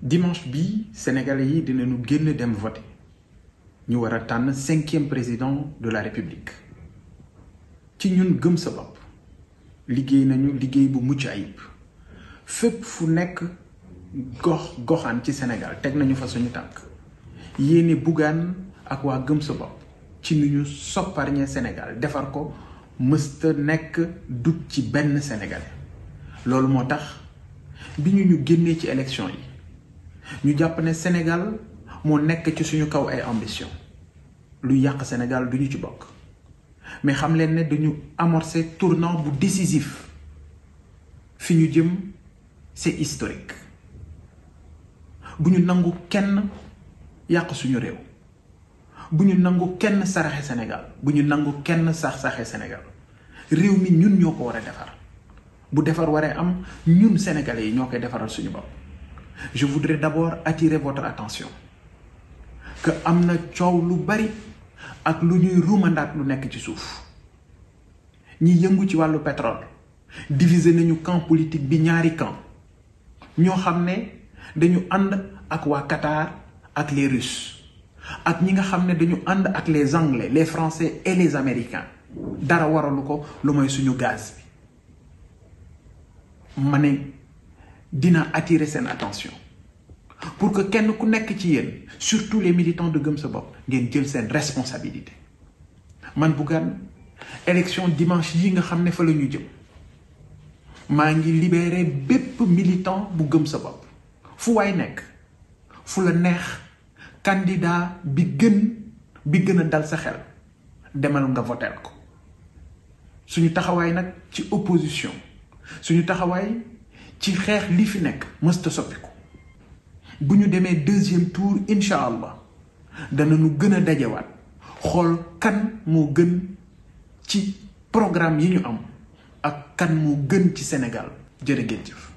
dimanche bi sénégalais yi dinañu génn dem voter ñu war a tànn cinquième président de la république ci ñun gëm sa bopp liggéey nañu liggéey bu mucc ayib fépp fu nekk goxaan ci Sénégal teg nañu fa suñu tànk yéene Bougane ak waa gëm sa bopp ci lu ñu sopparñe Sénégal defar ko mësta nekk dug ci benn Sénégalais loolu moo tax bi ñu ñu génnee ci élection yi ñu jàpp ne Sénégal moo nekk ci suñu kaw ay ambition lu yàq Sénégal du ñu ci bokk mais xam leen ne dañu amorcé tournant bu décisif fi ñu jëm c'est historique bu ñu nangu kenn yàq suñu réew bu ñu nangu kenn saraxe Sénégal bu ñu nangu kenn sax-saxe Sénégal réew mi ñun ñoo ko war a defar bu defar waree am ñun sénégalais yi ñoo koy defaral suñu bopp je voudrais d'abord attirer votre attention que am na coow lu bari ak lu ñuy rumandaat lu nekk ci suuf ñi yëngu ci wàllu pétrole diviser nañu camp politique bi ñaari camp ñoo xam ne dañu ànd ak waa Qatar ak les Russes ak ñi nga xam ne dañu ànd ak les anglais les francais et les américains dara waralu ko lu mooy suñu gaz bi ma ne dina attirer seen attention pour que kenn ku nekk ci yéen surtout les militants de gëm sa bopp ngeen jël seen responsabilité man Bougane élection dimanche yi nga xam ne fa la ñu jëm maa ngi libéré bépp militant bu gëm sa bopp fu waay nekk fu la neex candidat bi gën bi gën a dal sa xel demal nga voter ko suñu taxawaay nag ci opposition suñu taxawaay ci xeex li fi nekk mësta soppiku bu ñu demee deuxième tour incha allah danañu gën a dajewaat xool kan moo gën ci programme yi ñu am ak kan moo gën ci Sénégal jërë ngeen jëf